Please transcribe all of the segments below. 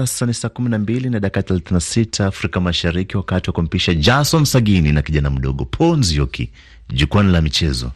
Sasa ni saa kumi na mbili na dakika thelathini na sita Afrika Mashariki, wakati wa kumpisha Jason Sagini na kijana mdogo ponzioki jukwani la michezo.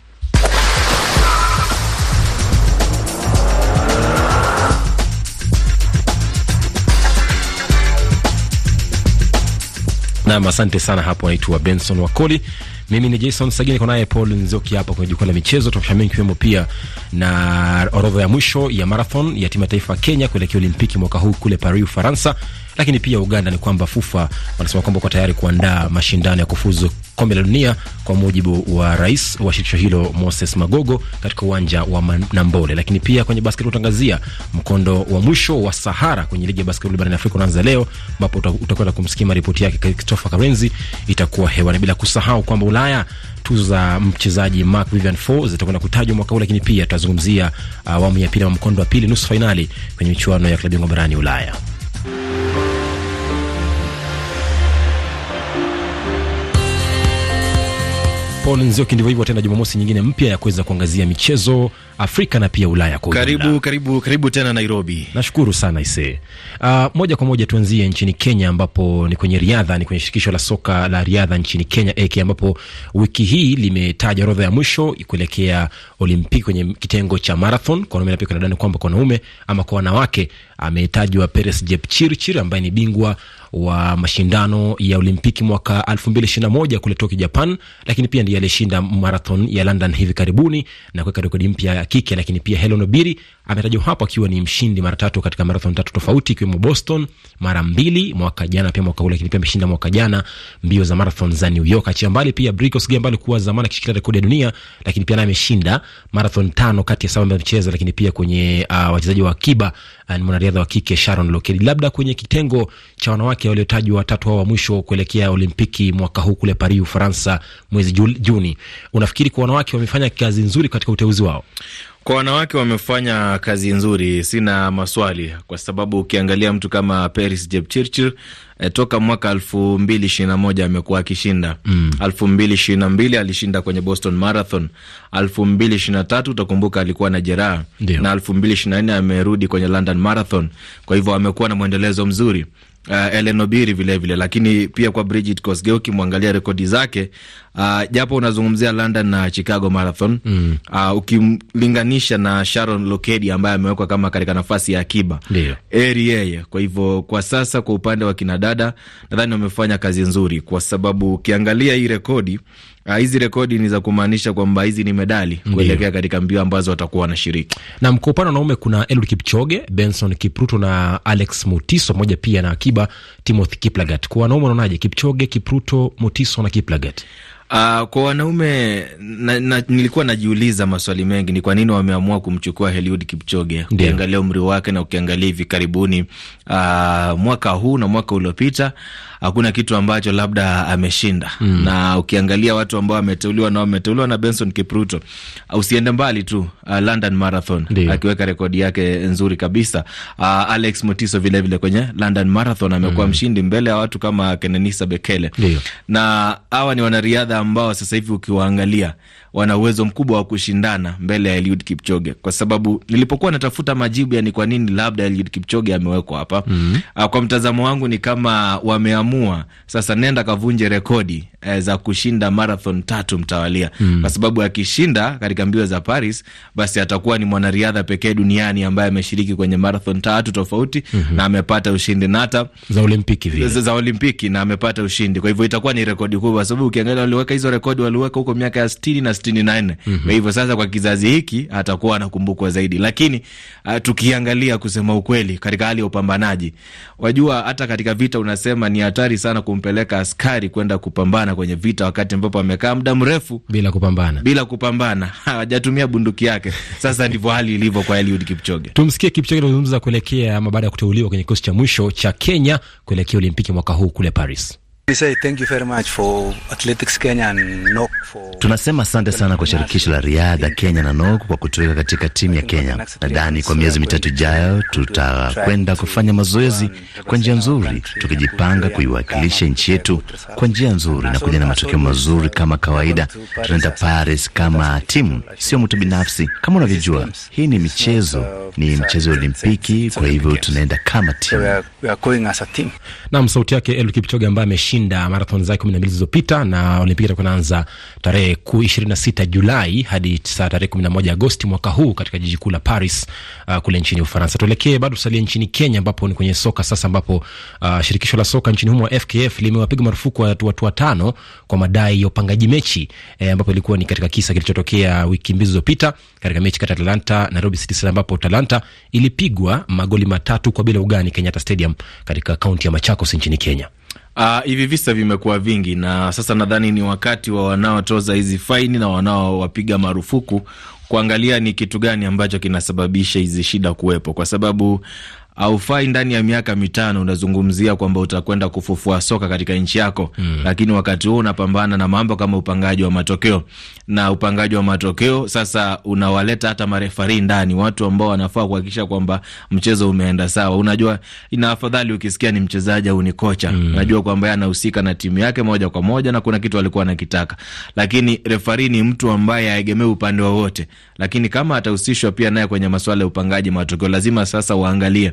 Nam, asante sana hapo. Anaitwa Benson Wakoli mimi ni Jason Sagini, niko Paul Nzoki hapa kwenye jukwaa la michezo, mengi kiwemo pia na orodha ya mwisho ya marathon ya timu ya taifa Kenya kuelekea Olimpiki mwaka huu kule Paris, Ufaransa. Lakini pia Uganda ni kwamba FUFA wanasema kwamba kwa tayari kuandaa mashindano ya kufuzu kombe la dunia kwa mujibu wa rais wa shirikisho hilo Moses Magogo katika uwanja wa Nambole. Lakini pia kwenye basketball utangazia mkondo wa mwisho wa Sahara kwenye ligi ya basketball barani Afrika unaanza leo, ambapo utakwenda kumsikia ripoti yake Christopher Karenzi itakuwa hewani, bila kusahau kwamba Ulaya. Tuzo za mchezaji mac Vivian Foe zitakwenda kutajwa mwaka huu, lakini pia tutazungumzia uh, awamu ya pili ama mkondo wa pili, nusu fainali kwenye michuano ya klabu bingwa barani Ulaya. Paul Nzioki. Ndivyo hivyo tena, Jumamosi nyingine mpya ya kuweza kuangazia michezo Afrika na pia Ulaya kwa ujumla. Karibu, karibu, karibu tena Nairobi. Nashukuru sana Ise. Uh, moja kwa moja tuanzie nchini Kenya ambapo ni kwenye riadha, ni kwenye shirikisho la soka la riadha nchini Kenya AK, ambapo wiki hii limetaja orodha ya mwisho kuelekea Olimpiki kwenye kitengo cha marathon kwa wanaume, na pia kunadani kwamba kwa wanaume ama kwa wanawake ametajwa Peres Jepchirchir ambaye ni bingwa wa mashindano ya Olimpiki mwaka 2021 kule Tokyo, Japan, lakini pia ndiye alishinda marathon ya London hivi karibuni na kuweka rekodi mpya ya kike, lakini pia Helen Obiri ametajwa hapo akiwa ni mshindi mara tatu katika marathon tatu tofauti, ikiwemo Boston mara mbili mwaka jana, pia mwaka ule, lakini pia ameshinda mwaka jana mbio za marathon za New York, achia mbali pia Bricos Gay ambaye alikuwa zamani akishikilia rekodi ya dunia, lakini pia naye ameshinda marathon tano kati ya saba ambayo amecheza, lakini pia kwenye uh, wachezaji wa akiba uh, ni mwanariadha wa kike Sharon Lokedi. Labda kwenye kitengo cha wanawake waliotajwa watatu hao wa mwisho kuelekea Olimpiki mwaka huu kule Paris, Ufaransa mwezi Juni, unafikiri kwa wanawake wamefanya kazi nzuri katika uteuzi wao? Kwa wanawake wamefanya kazi nzuri, sina maswali, kwa sababu ukiangalia mtu kama Paris Jepchirchir eh, toka mwaka elfu mbili ishirini na moja amekuwa akishinda. mm. elfu mbili ishirini na mbili alishinda kwenye Boston Marathon, elfu mbili ishirini na tatu utakumbuka alikuwa na jeraha, na elfu mbili ishirini na nne amerudi kwenye London Marathon. Kwa hivyo amekuwa na mwendelezo mzuri uh, Ellen Obiri vilevile vile. Lakini pia kwa Bridget Kosgei ukimwangalia rekodi zake uh, japo unazungumzia London na Chicago Marathon mm. uh, ukimlinganisha na Sharon Lokedi ambaye amewekwa kama katika nafasi ya akiba eri yeye. Kwa hivyo kwa sasa kwa upande wa kinadada nadhani wamefanya kazi nzuri, kwa sababu ukiangalia hii rekodi Ah, hizi rekodi ni za kumaanisha kwamba hizi ni medali kuelekea katika mbio ambazo watakuwa wanashiriki. Nam, kwa upande wanaume kuna Eliud Kipchoge, Benson Kipruto na Alex Mutiso moja pia na akiba Timothy Kiplagat. Kwa wanaume unaonaje? Kipchoge, Kipruto, Mutiso na Kiplagat. Uh, kwa wanaume na, na, nilikuwa najiuliza maswali mengi, ni kwa nini wameamua kumchukua Eliud Kipchoge. Ukiangalia umri wake na ukiangalia hivi karibuni, uh, mwaka huu na mwaka uliopita hakuna kitu ambacho labda ameshinda mm. Na ukiangalia watu ambao wameteuliwa na wameteuliwa na Benson Kipruto, usiende mbali tu uh, London Marathon Dio. akiweka rekodi yake nzuri kabisa uh, Alex Motiso vilevile vile kwenye London Marathon amekuwa mm. mshindi mbele ya watu kama Kenenisa Bekele Dio. na hawa ni wanariadha ambao sasa hivi ukiwaangalia wana uwezo mkubwa wa kushindana mbele ya Eliud Kipchoge, kwa sababu nilipokuwa natafuta majibu, yani kwa nini labda Eliud Kipchoge amewekwa hapa, mm -hmm. kwa mtazamo wangu ni kama wameamua sasa, nenda kavunje rekodi Eh, za kushinda marathon tatu mtawalia mm. Kwa sababu akishinda katika mbio za Paris, basi atakuwa ni mwanariadha pekee duniani ambaye ameshiriki kwenye marathon tatu tofauti mm -hmm. na amepata ushindi na hata za Olimpiki vile za, za Olimpiki na amepata ushindi. Kwa hivyo itakuwa ni rekodi kubwa, kwa sababu ukiangalia waliweka hizo rekodi waliweka huko miaka ya 60 na 64 mm -hmm. Kwa hivyo sasa, kwa kizazi hiki atakuwa anakumbukwa zaidi, lakini uh, tukiangalia kusema ukweli, katika hali ya upambanaji, wajua hata katika vita unasema ni hatari sana kumpeleka askari kwenda kupambana kupambana kwenye vita, wakati ambapo amekaa muda mrefu bila kupambana, bila kupambana, hawajatumia bunduki yake. Sasa ndivyo hali ilivyo kwa Eliud Kipchoge. Tumsikie Kipchoge anazungumza kuelekea ama baada ya kuteuliwa kwenye kikosi cha mwisho cha Kenya kuelekea Olimpiki mwaka huu kule Paris tunasema asante sana kwa shirikisho la riadha Kenya na NOK kwa kutuweka katika timu ya Kenya. Nadhani kwa miezi mitatu ijayo tutakwenda kufanya mazoezi kwa njia nzuri, tukijipanga kuiwakilisha nchi yetu kwa njia nzuri na kuja na matokeo mazuri. Kama kawaida, tunaenda Paris kama timu, sio mtu binafsi. Kama unavyojua, hii ni michezo, ni mchezo ya Olimpiki, kwa hivyo tunaenda kama timu. Nam, sauti yake Eliud Kipchoge ambaye ameshinda ameshinda marathon zake kumi na mbili zilizopita na Olimpiki itakuwa inaanza tarehe kuu ishirini na sita Julai hadi saa tarehe kumi na moja Agosti mwaka huu katika jiji kuu la Paris uh, kule nchini Ufaransa. Tuelekee bado tusalie nchini Kenya ambapo ni kwenye soka sasa, ambapo uh, shirikisho la soka nchini humo FKF limewapiga marufuku watu watu watano kwa madai ya upangaji mechi eh, ambapo ilikuwa ni katika kisa kilichotokea wiki mbili zilizopita katika mechi kati ya Atlanta Nairobi City Stars, ambapo Atlanta ilipigwa magoli matatu kwa bila ugani Kenyatta Stadium katika kaunti ya Machakos nchini Kenya. Ah, hivi visa vimekuwa vingi na sasa nadhani ni wakati wa wanaotoza hizi faini na wanaowapiga marufuku kuangalia ni kitu gani ambacho kinasababisha hizi shida kuwepo, kwa sababu haufai ndani ya miaka mitano unazungumzia kwamba utakwenda kufufua soka katika nchi yako mm. Lakini wakati huo unapambana na mambo kama upangaji wa matokeo na upangaji wa matokeo sasa unawaleta hata marefari ndani, watu ambao wanafaa kuhakikisha kwamba mchezo umeenda sawa. Unajua, ina afadhali ukisikia ni mchezaji au ni kocha mm. Unajua kwamba yeye anahusika na timu yake moja kwa moja na kuna kitu alikuwa anakitaka, lakini refari ni mtu ambaye haegemei upande wowote, lakini kama atahusishwa pia naye kwenye masuala ya upangaji matokeo, lazima sasa waangalie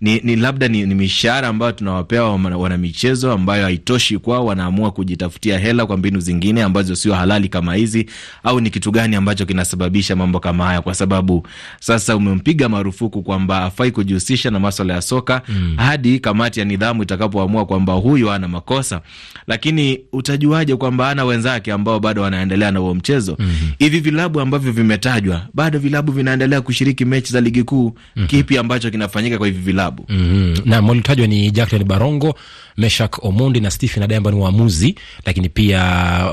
ni, ni labda ni, ni mishahara ambayo tunawapea wanamichezo wana ambayo haitoshi kwao, wanaamua kujitafutia hela kwa mbinu zingine ambazo sio halali kama hizi, au ni kitu gani ambacho kinasababisha mambo kama haya? Kwa sababu sasa umempiga marufuku kwamba afai kujihusisha na maswala ya soka mm, hadi kamati ya nidhamu itakapoamua kwamba huyu ana makosa. Lakini utajuaje kwamba ana wenzake ambao bado wanaendelea na huo mchezo? mm hivi -hmm. vilabu ambavyo vimetajwa bado vilabu vinaendelea kushiriki mechi za ligi kuu. mm -hmm. Kipi ambacho kinafanyika kwa hivi vilabu? klabu mm -hmm. Nam walitajwa ni Jacklin Barongo, Meshak Omondi na Stephen Adai ambao ni waamuzi, lakini pia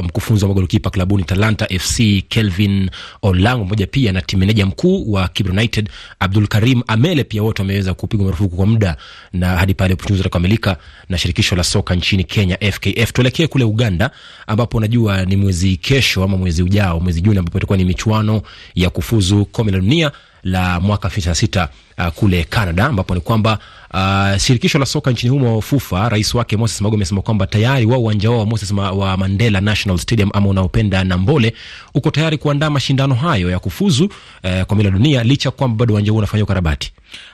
mkufunzi wa magolikipa klabuni Talanta FC Kelvin Olango pamoja pia na timu meneja mkuu wa Kibra United Abdul Karim Amele, pia wote wameweza kupigwa marufuku kwa muda na hadi pale uchunguzi utakamilika na shirikisho la soka nchini Kenya FKF. Tuelekee kule Uganda ambapo unajua ni mwezi kesho ama mwezi ujao, mwezi Juni ambapo itakuwa ni michuano ya kufuzu kombe la dunia la mwaka 96 uh, kule Canada, ambapo ni kwamba uh, shirikisho la soka nchini humo FUFA, rais wake Moses Magogo amesema kwamba tayari wao uwanja wao wa Moses ma, wa Mandela National Stadium ama unaopenda Nambole uko tayari kuandaa mashindano hayo ya kufuzu uh, kwa mila dunia, licha kwamba bado uwanja huo unafanywa ukarabati.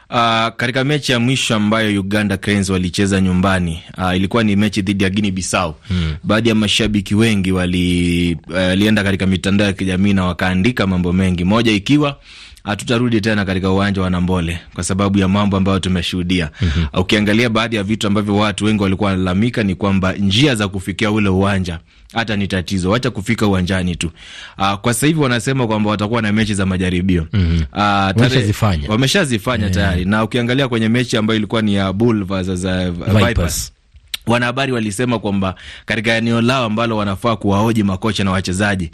Uh, katika mechi ya mwisho ambayo Uganda Cranes walicheza nyumbani uh, ilikuwa ni mechi dhidi ya Guinea Bissau hmm. Baadhi ya mashabiki wengi uh, walienda uh, katika mitandao ya kijamii na wakaandika mambo mengi, moja ikiwa hatutarudi tena katika uwanja wa Nambole kwa sababu ya mambo ambayo tumeshuhudia. mm -hmm. Ukiangalia baadhi ya vitu ambavyo watu wengi walikuwa wanalalamika ni kwamba njia za kufikia ule uwanja hata ni tatizo, wacha kufika uwanjani tu. Aa, ah, kwa sasa hivi wanasema kwamba watakuwa na mechi za majaribio. mm -hmm. Uh, wameshazifanya, wameshazifanya yeah. tayari na ukiangalia kwenye mechi ambayo ilikuwa ni ya Bulls versus uh, Vipers wanahabari walisema kwamba katika eneo lao ambalo wanafaa kuwaoji makocha na wachezaji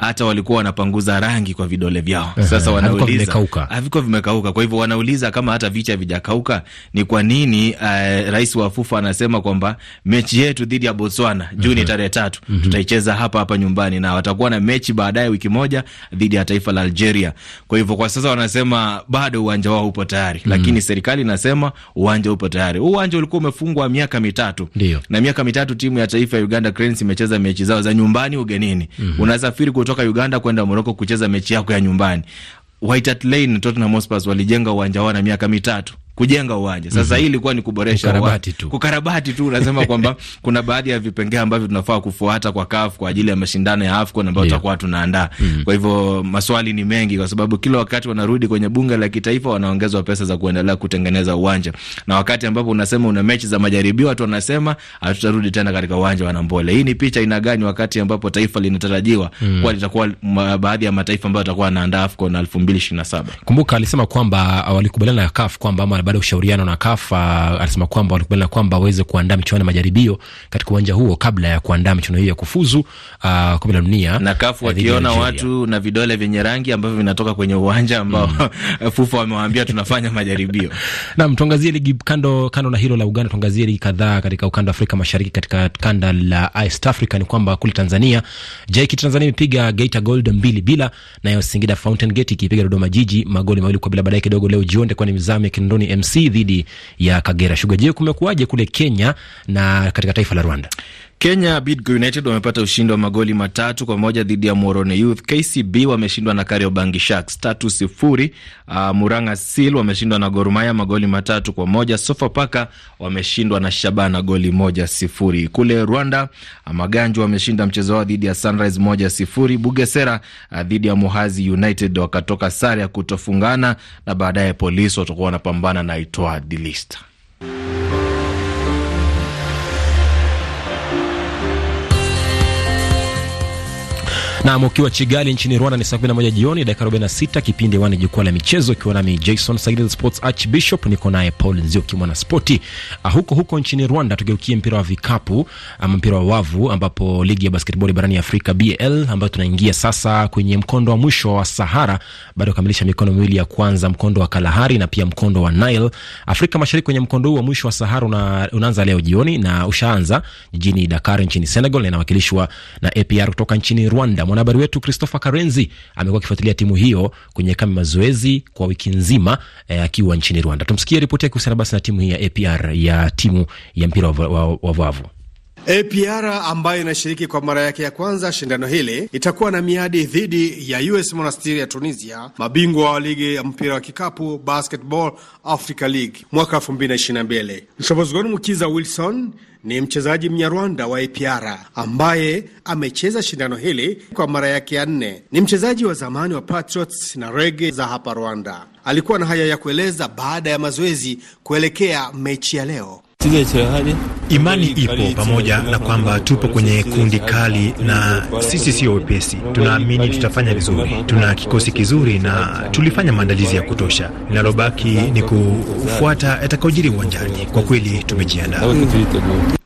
hata walikuwa wanapanguza rangi kwa vidole vyao. Sasa wanauliza havikuwa vimekauka, kwa hivyo wanauliza kama hata vicha vijakauka, ni kwa nini uh, rais wa FUFA anasema kwamba mechi yetu dhidi ya Botswana Juni tarehe tatu mhm. tutaicheza hapa hapa nyumbani, na watakuwa na mechi baadaye wiki moja dhidi ya taifa la Algeria. Kwa hivyo kwa sasa wanasema bado uwanja wao upo tayari, mhm. lakini serikali inasema uwanja upo tayari. Huu uwanja ulikuwa umefungwa miaka mitatu na miaka mitatu timu ya taifa ya Uganda Cranes imecheza mechi zao za nyumbani ugenini. Mhm. Unasafiri kutoka kutoka Uganda kwenda Moroko kucheza mechi yako ya nyumbani. White Hart Lane Tottenham Hotspur walijenga uwanja wao na miaka mitatu kujenga uwanja sasa. mm -hmm. Hii ilikuwa ni kuboresha kukarabati tu, kukarabati tu. Unasema kwamba kuna baadhi ya vipengee ambavyo tunafaa kufuata kwa CAF kwa ajili ya mashindano ya AFCON ambayo yeah. tutakuwa tunaandaa. mm -hmm. Kwa hivyo maswali ni mengi, kwa sababu kila wakati wanarudi kwenye bunge la kitaifa wanaongezwa pesa za kuendelea kutengeneza uwanja, na wakati ambapo unasema una mechi za majaribio, watu wanasema hatutarudi tena katika uwanja wa Nambole. Hii ni picha ina gani? Wakati ambapo taifa linatarajiwa mm -hmm. kuwa litakuwa baadhi ya mataifa ambayo yatakuwa yanaandaa AFCON 2027. Kumbuka alisema kwamba uh, walikubaliana na CAF kwamba na baada ya ushauriano na kafa alisema kwamba walikubaliana kwamba waweze kuandaa michuano ya majaribio katika uwanja huo kabla ya kuandaa michuano hiyo ya kufuzu uh, kombe la dunia. Na kafu eh, wakiona watu na vidole vyenye rangi ambavyo vinatoka kwenye uwanja ambao mm. FUFA wamewaambia tunafanya majaribio. Naam, tuangazie ligi kando kando na hilo la Uganda, tuangazie ligi kadhaa katika ukanda wa Afrika Mashariki. Katika kanda la East Africa ni kwamba kule Tanzania JKT Tanzania imepiga Geita Gold mbili bila, nayo Singida Fountain Gate ikipiga Dodoma Jiji magoli mawili kwa bila. Baadaye kidogo leo jioni itakuwa ni mizamu ya Kinondoni mc dhidi ya Kagera Sugar. Je, kumekuwaje kule Kenya na katika taifa la Rwanda? Kenya Bidco United wamepata ushindi wa magoli matatu kwa moja dhidi ya Morone Youth. KCB wameshindwa na Kariobangi Sharks tatu sifuri. Uh, Muranga Seal wameshindwa na Gor Mahia magoli matatu kwa moja. Sofapaka wameshindwa na Shabana goli moja sifuri. Kule Rwanda ah, Maganju wameshinda mchezo wao dhidi ya Sunrise moja sifuri. Bugesera uh, dhidi ya Muhazi United wakatoka sare ya kutofungana na baadaye polisi watakuwa wanapambana na Itoa Dilista. Na ukiwa Kigali nchini Rwanda ni saa 11 jioni dakika 46, kipindi wani jukwaa la michezo, ikiwa nami Jason Sagiri Sports Archbishop, niko naye Paul Nzioki mwana spoti. Ah, huko huko nchini Rwanda tugeukie mpira wa vikapu ama mpira wa wavu, ambapo ligi ya basketball barani Afrika BAL ambayo tunaingia sasa kwenye mkondo wa mwisho wa Sahara baada ya kukamilisha mikondo miwili ya kwanza, mkondo wa Kalahari na pia mkondo wa Nile. Afrika Mashariki kwenye mkondo huu wa mwisho wa Sahara una, unaanza leo jioni na ushaanza jijini Dakar nchini Senegal na inawakilishwa na APR kutoka nchini Rwanda. Mwana Mwanahabari wetu Christopher Karenzi amekuwa akifuatilia timu hiyo kwenye kambi mazoezi kwa wiki nzima eh, akiwa nchini Rwanda. Tumsikie ripoti yake kuhusiana basi na timu hii ya APR ya timu ya mpira wa wavu. APR ambayo inashiriki kwa mara yake ya kwanza shindano hili itakuwa na miadi dhidi ya US Monastir ya Tunisia, mabingwa wa ligi ya mpira wa kikapu Basketball Africa League mwaka 2022. Mshobozgon Mukiza Wilson ni mchezaji Mnyarwanda wa APR ambaye amecheza shindano hili kwa mara yake ya nne. Ni mchezaji wa zamani wa Patriots na Rege za hapa Rwanda. Alikuwa na haya ya kueleza baada ya mazoezi kuelekea mechi ya leo. Imani ipo pamoja na kwamba tupo kwenye kundi kali na sisi sio wepesi. Tunaamini tutafanya vizuri, tuna kikosi kizuri na tulifanya maandalizi ya kutosha. Linalobaki ni kufuata yatakayojiri uwanjani. Kwa kweli tumejiandaa.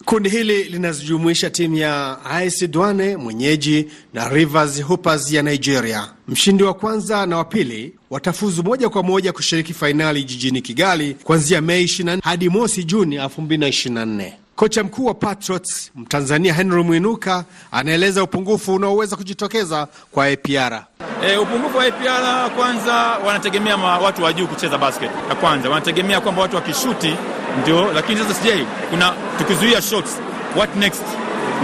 Kundi hili linazijumuisha timu ya AS Douane mwenyeji na Rivers Hoopers ya Nigeria. Mshindi wa kwanza na wa pili watafuzu moja kwa moja kushiriki fainali jijini Kigali kuanzia Mei 24 hadi mosi Juni 2024. Kocha mkuu wa Patriots Mtanzania Henry Mwinuka anaeleza upungufu unaoweza kujitokeza kwa APR. E, upungufu wa APR kwanza, wanategemea watu wa juu kucheza basket ya kwanza, wanategemea kwamba watu wakishuti ndio, lakini sasa sijai, kuna tukizuia shots, what next?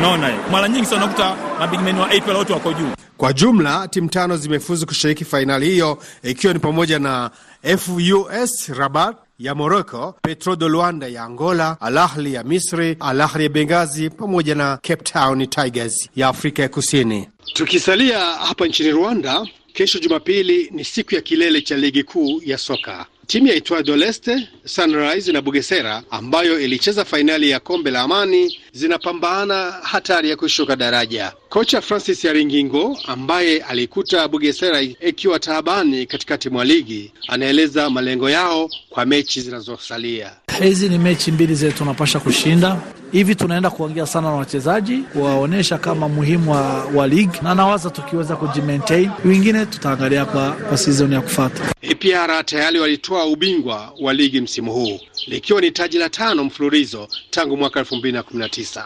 Naona mara nyingi sana unakuta mabigmen wa APL wote wako juu. Kwa jumla timu tano zimefuzu kushiriki fainali hiyo, ikiwa ni pamoja na FUS Rabat ya Morocco, Petro de Luanda ya Angola, Al Ahli ya Misri, Al Ahli ya bengazi pamoja na Cape Town Tigers ya Afrika ya Kusini. Tukisalia hapa nchini Rwanda, kesho Jumapili ni siku ya kilele cha ligi kuu ya soka. Timu ya itwa Doleste, Sunrise na Bugesera ambayo ilicheza fainali ya kombe la Amani zinapambana hatari ya kushuka daraja. Kocha Francis Yaringingo ambaye alikuta Bugesera ikiwa taabani katikati mwa ligi anaeleza malengo yao kwa mechi zinazosalia. Hizi ni mechi mbili zetu tunapasha kushinda. Hivi tunaenda kuongea sana na wachezaji kuwaonyesha kama muhimu wa, wa ligi na nawaza tukiweza kujimaintain, wengine tutaangalia kwa, kwa sizoni ya kufata. APR e, tayari walitoa kutoa ubingwa wa ligi msimu huu likiwa ni taji la tano mfululizo tangu mwaka 2019.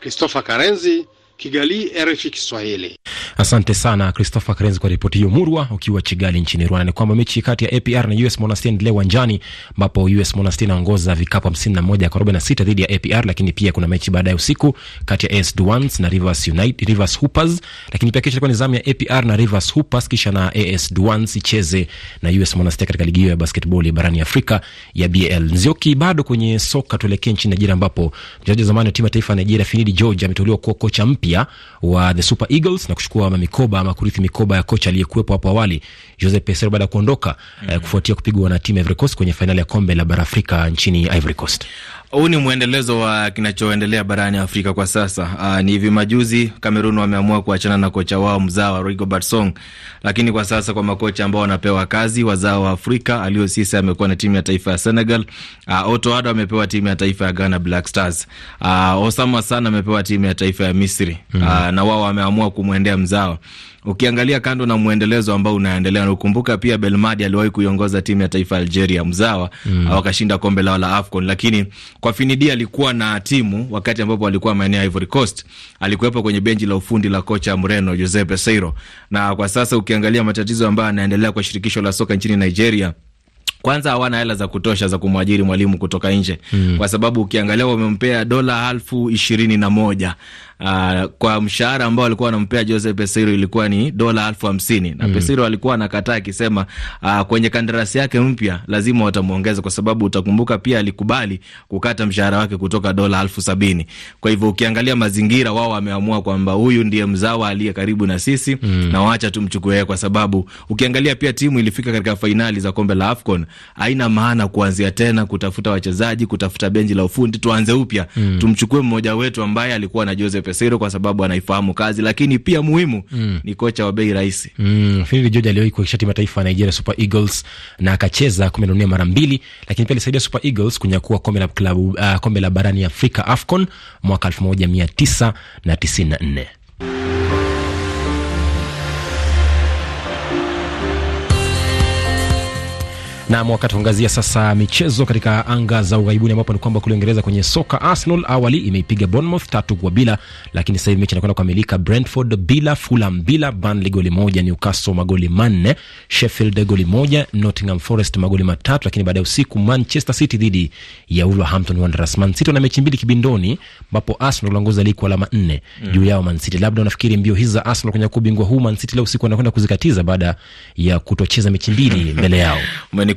Christopher Karenzi Kigali, RFI Kiswahili. Asante sana Christopher Karenzi kwa ripoti hiyo murwa, ukiwa Kigali nchini Rwanda. Ni kwamba mechi kati ya APR na US Monastir inaendelea uwanjani, ambapo US Monastir inaongoza vikapu 51 kwa 46 dhidi ya APR, lakini pia kuna mechi baadaye usiku kati ya AS Duans na Rivers United, Rivers Hoopers, lakini pia kesho itakuwa ni zamu ya APR na Rivers Hoopers, kisha na AS Duans icheze na US Monastir katika ligi hiyo ya basketball barani Afrika ya BAL. Nzioki, bado kwenye soka tuelekee nchini Nigeria, ambapo mchezaji wa zamani wa timu ya taifa ya Nigeria Finidi George ameteuliwa kuwa kocha mpya mpya wa the Super Eagles na kuchukua mikoba ama kurithi mikoba ya kocha aliyekuwepo hapo awali Jose Peseiro baada ya kuondoka eh, mm -hmm. kufuatia kupigwa na timu ya Ivory Coast kwenye fainali ya kombe la bara Afrika nchini Ivory Coast. Huu ni mwendelezo wa kinachoendelea barani Afrika kwa sasa. Aa, ah, ni hivi majuzi Kamerun wameamua kuachana na kocha wao mzawa Rigobert Song, lakini kwa sasa kwa makocha ambao wanapewa kazi wazao wa Afrika, Aliou Cisse amekuwa na timu ya taifa ya Senegal. Aa, ah, Otto Addo amepewa timu ya taifa ya Ghana Black Stars. Aa, ah, Osama Sana amepewa timu ya taifa ya Misri. Mm-hmm. Aa, na wao wameamua kumwendea mzawa Ukiangalia kando na mwendelezo ambao unaendelea, ukumbuka pia Belmadi aliwahi kuiongoza timu ya taifa Algeria mzawa mm. wakashinda kombe lao la AFCON, lakini kwa Finidi alikuwa na timu wakati ambapo alikuwa maeneo ya Ivory Coast, alikuwepo kwenye benchi la ufundi la kocha Mreno Giuseppe Seiro. Na kwa sasa ukiangalia matatizo ambayo anaendelea kwa shirikisho la soka nchini Nigeria, kwanza hawana hela za kutosha za kumwajiri mwalimu kutoka nje mm. kwa sababu ukiangalia wamempea dola elfu ishirini na moja uh, kwa mshahara ambao alikuwa anampea Jose Pesiro ilikuwa ni dola elfu hamsini na mm. Pesiro alikuwa anakataa akisema, uh, kwenye kandarasi yake mpya lazima watamwongeza, kwa sababu utakumbuka pia alikubali kukata mshahara wake kutoka dola elfu sabini. Kwa hivyo ukiangalia mazingira, wao wameamua kwamba huyu ndiye mzawa aliye karibu na sisi mm. na waacha tumchukue, kwa sababu ukiangalia pia timu ilifika katika fainali za kombe la AFCON, haina maana kuanzia tena kutafuta wachezaji, kutafuta benji la ufundi, tuanze upya mm. tumchukue mmoja wetu ambaye alikuwa na Jose Pesiro Caicedo kwa sababu anaifahamu kazi, lakini pia muhimu mm. ni kocha wa bei rahisi mm. Fili George aliwahi kuwakilisha timu ya taifa ya Nigeria Super Eagles na akacheza kombe la dunia mara mbili, lakini pia alisaidia Super Eagles kunyakua kombe la klabu uh, kombe la barani Afrika AFCON mwaka 1994. Nam, wakati tuangazia sasa michezo katika anga za ughaibuni, ambapo ni kwamba kule Uingereza kwenye soka, Arsenal awali imeipiga Bournemouth tatu kwa bila, lakini sasa hivi mechi inakwenda kukamilika. Brentford bila, Fulham bila, Burnley goli moja, Newcastle magoli manne, Sheffield goli moja, Nottingham Forest magoli matatu. Lakini baada ya usiku Manchester City dhidi ya Wolverhampton Wanderers. Man City wana mechi mbili kibindoni, ambapo Arsenal wanaongoza ligi kwa alama nne mm. juu yao Man City. Labda unafikiri mbio hizi za Arsenal kwenye kubingwa huu Man City leo usiku wanakwenda kuzikatiza baada ya kutocheza mechi mbili mbele yao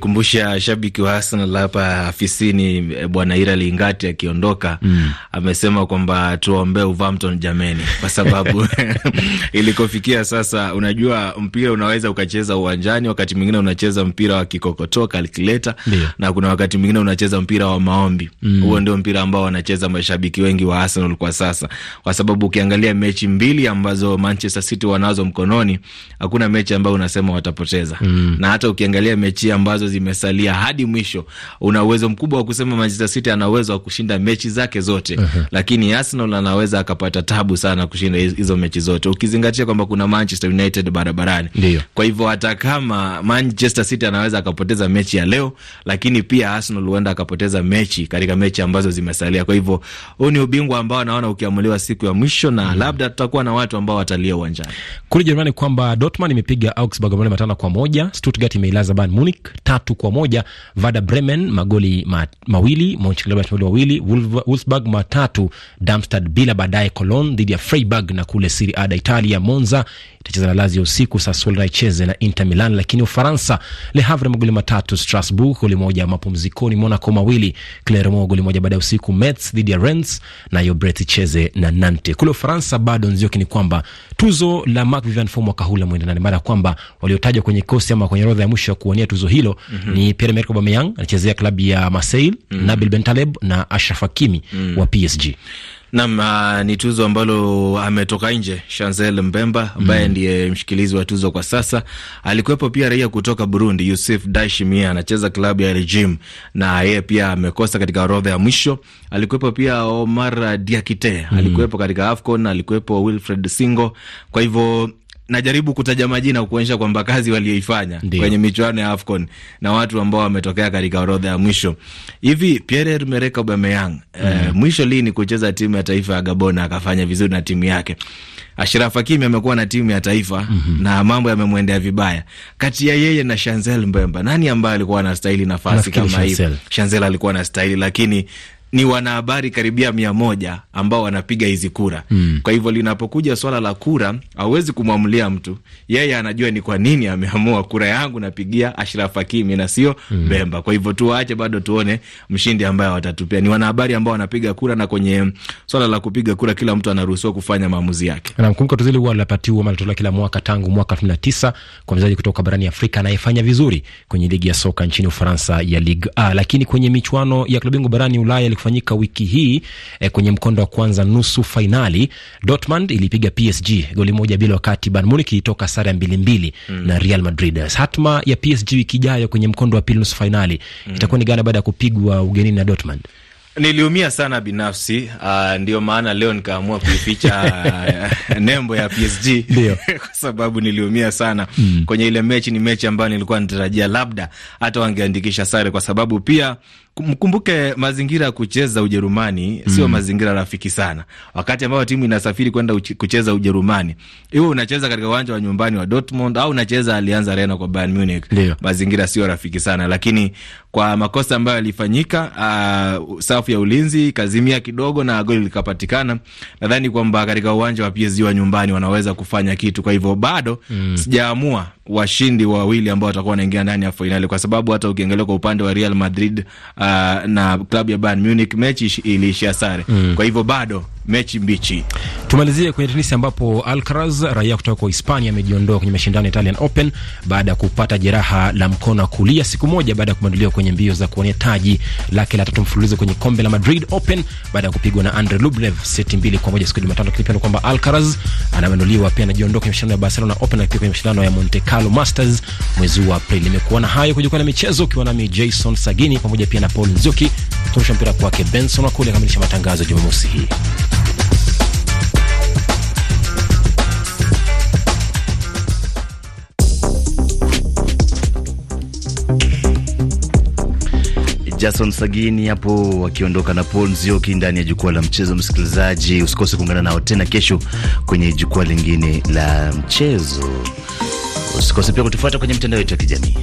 Umenikumbusha shabiki wa Arsenal hapa afisini, eh, bwana Ira Lingati akiondoka, mm. amesema kwamba tuwaombee Wolverhampton jameni, kwa sababu ilikofikia sasa, unajua mpira unaweza ukacheza uwanjani, wakati mwingine unacheza mpira wa kikokotoo kalkuleta, na kuna wakati mwingine unacheza mpira wa maombi mm. Huo ndio mpira ambao wanacheza mashabiki wengi wa Arsenal kwa sasa, kwa sababu ukiangalia mechi mbili ambazo Manchester City wanazo mkononi, hakuna mechi ambayo unasema watapoteza mm. na hata ukiangalia mechi ambazo zimesalia hadi mwisho, una uwezo mkubwa wa kusema Manchester City ana uwezo wa kushinda mechi zake zote uh -huh. Lakini Arsenal anaweza akapata tabu sana kushinda hizo mechi zote, ukizingatia kwamba kuna Manchester United barabarani. Ndiyo. Kwa hivyo hata kama Manchester City anaweza akapoteza mechi ya leo, lakini pia Arsenal huenda akapoteza mechi katika mechi ambazo zimesalia. Kwa hivyo huu ni ubingwa ambao naona ukiamuliwa siku ya mwisho na mm -hmm. labda tutakuwa na watu ambao watalia uwanjani. Kule Jerumani kwamba Dortmund imepiga Augsburg mabao matano kwa moja, Stuttgart imeilaza Bayern Munich tatu kwa moja. Vada Bremen magoli ma, mawili, Monchengladbach magoli mawili, Wolfsburg matatu, Darmstadt bila. Baadaye Cologne dhidi ya Freiburg, na kule Serie A Italia Monza itacheza na Lazio usiku, Sassuolo icheze na Inter Milan. Lakini Ufaransa, Le Havre magoli matatu, Strasbourg goli moja mapumzikoni, Monaco mawili, Clermont goli moja baadaye usiku, Metz dhidi ya Rennes na Yobret icheze na Nantes. Kule Ufaransa bado Nzioki ni kwamba tuzo la Marc Vivian Foe mwaka huu la mwendanani nane, mara ya kwamba waliotajwa kwenye kosi ama kwenye orodha ya mwisho ya kuwania tuzo hilo mm -hmm. ni Pierre Emerick Aubameyang anachezea klabu ya Marseille mm -hmm. Nabil Bentaleb na Ashraf Hakimi mm -hmm. wa PSG Nam uh, ah, ni tuzo ambalo ametoka nje. Chancel Mbemba ambaye mm. ndiye mshikilizi wa tuzo kwa sasa, alikuwepo pia raia kutoka Burundi Yusuf Dashimia, anacheza klabu ya Rejim na yeye pia amekosa katika orodha ya mwisho. Alikuwepo pia Omar Diakite, mhm. alikuwepo katika AFCON, alikuwepo Wilfred Singo. Kwa hivyo najaribu kutaja majina kuonyesha kwamba kazi walioifanya kwenye michuano ya AFCON na watu ambao wametokea katika orodha ya mwisho hivi. Pierre Emerick Aubameyang eh, mm. eh, mwisho lini kucheza timu ya taifa ya Gabon akafanya vizuri na timu yake. Ashraf Hakimi amekuwa na timu ya taifa mm -hmm. na mambo yamemwendea vibaya. Kati ya yeye na Chancel Mbemba, nani ambaye alikuwa anastahili nafasi kama hiyo? Chancel alikuwa anastahili, lakini ni wanahabari karibia mia moja ambao wanapiga hizi kura mm. Kwa hivyo linapokuja swala la kura, hauwezi kumwamulia mtu, yeye anajua ni kwa nini ameamua kura yangu napigia Ashraf Hakimi na sio mm. Bemba. Kwa hivyo tuwaache bado tuone mshindi ambaye watatupia. Ni wanahabari ambao wanapiga kura, na kwenye swala la kupiga kura kila mtu anaruhusiwa kufanya maamuzi yake. Namkumbuka tuzili huwa linapatiwa malitola kila mwaka tangu mwaka elfu mbili na tisa kwa mchezaji kutoka barani Afrika anayefanya vizuri kwenye ligi ya soka nchini Ufaransa ya Ligue A, lakini kwenye michuano ya klabu bingwa barani Ulaya likifanyika wiki hii eh, kwenye mkondo wa kwanza nusu fainali Dortmund ilipiga PSG goli moja bila, wakati Bayern Munich ilitoka sare ya mbili mbili mm. na Real Madrid. Hatma ya PSG wiki ijayo kwenye mkondo wa pili nusu fainali mm. itakuwa ni gani baada ya kupigwa ugenini na Dortmund? Niliumia sana binafsi uh, ndio maana leo nikaamua kuificha uh, nembo ya PSG kwa sababu niliumia sana mm. kwenye ile mechi. Ni mechi ambayo nilikuwa nitarajia labda hata wangeandikisha sare, kwa sababu pia Mkumbuke mazingira ya kucheza Ujerumani mm, sio mazingira rafiki sana. Wakati ambao timu inasafiri kwenda kucheza Ujerumani, iwe unacheza katika uwanja wa nyumbani wa Dortmund au unacheza Allianz Arena kwa Bayern Munich, mazingira sio rafiki sana. Lakini kwa makosa ambayo yalifanyika, uh, safu ya ulinzi kazimia kidogo na goli likapatikana, nadhani kwamba katika uwanja wa PSG wa nyumbani wanaweza kufanya kitu. Kwa hivyo bado mm, sijaamua washindi wawili ambao watakuwa wanaingia ndani ya fainali, kwa sababu hata ukiangalia kwa upande wa Real Madrid uh, na klabu ya Bayern Munich mechi iliishia sare mm. Kwa hivyo bado mechi mbichi. Tumalizie kwenye tenisi ambapo Alcaraz raia kutoka kwa Hispania amejiondoa kwenye mashindano ya Italian Open baada ya kupata jeraha la mkono wa kulia siku moja baada ya kubanduliwa kwenye mbio za kuwania taji lake la tatu mfululizo kwenye kombe la Madrid Open baada ya kupigwa na Andre Rublev seti mbili kwa moja siku ya Jumatano. Kilipendwa kwamba Alcaraz anabanduliwa pia anajiondoa kwenye mashindano ya Barcelona Open na pia kwenye mashindano ya Monte Carlo Masters mwezi huu wa Aprili. Imekuwa na hayo kwenye kujukwaa la michezo, ukiwa nami Jason Sagini pamoja pia na Paul Nzioki. Kutorusha mpira kwake Benson Wakuli akamilisha matangazo Jumamosi hii. Jason Sagini hapo wakiondoka na Paul Zioki ndani ya jukwaa la mchezo. Msikilizaji, usikose kuungana nao tena kesho kwenye jukwaa lingine la mchezo. Usikose pia kutufuata kwenye mitandao yetu ya kijamii.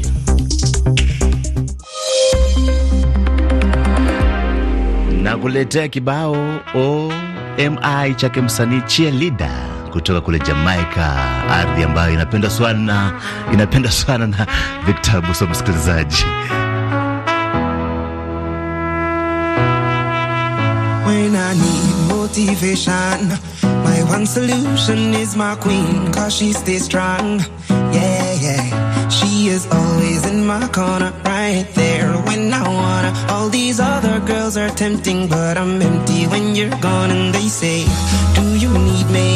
Nakuletea kibao omi chake msanii Cheerleader kutoka kule Jamaica, ardhi ambayo inapenda sana inapenda sana na Victor Buso, msikilizaji. When I need motivation. My one solution is my queen, cause she stays strong. Yeah, yeah. She is always in my corner, right there when I wanna. All these other girls are tempting, but I'm empty when you're gone. And they say, Do you need me?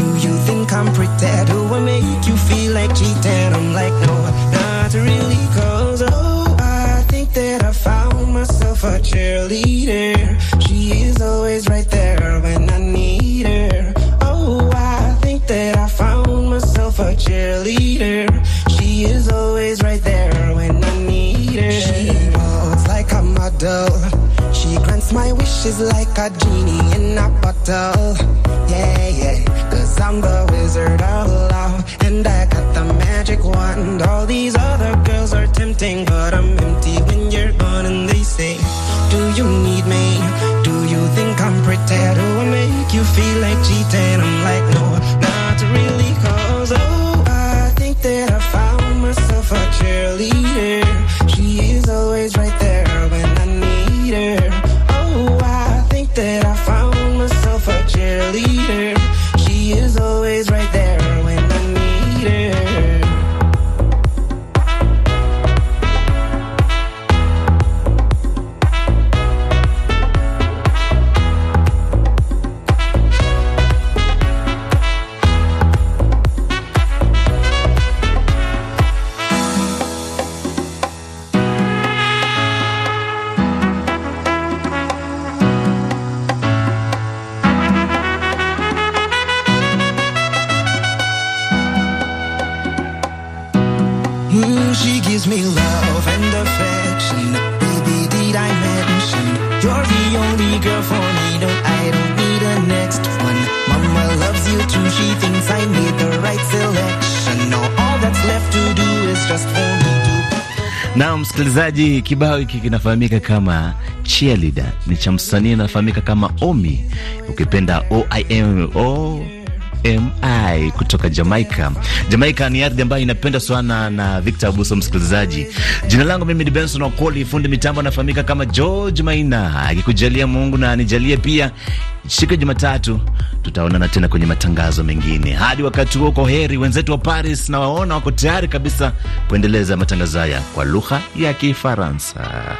Do you think I'm pretty? Do I make you feel like cheating? I'm like, No, not really. myself a cheerleader. She is always right there when I need her. Oh, I think that I found myself a cheerleader. She is always right there when I need her. She walks like a model. She grants my wishes like a genie in a bottle. Yeah, yeah, cause I'm the make you feel like cheating. I'm like, no. Na msikilizaji, kibao hiki kinafahamika kama Cheerleader, ni cha msanii anafahamika kama Omi, ukipenda OIMO MI kutoka Jamaica. Jamaica ni ardhi ambayo inapendwa sana na Victor Abuso, msikilizaji. Jina langu mimi ni Benson Wakoli, fundi mitambo anafahamika kama George Maina. Akikujalia Mungu na anijalie pia, siku ya Jumatatu tutaonana tena kwenye matangazo mengine. Hadi wakati huo, kwa heri. Wenzetu wa Paris na waona wako tayari kabisa kuendeleza matangazo haya kwa lugha ya Kifaransa.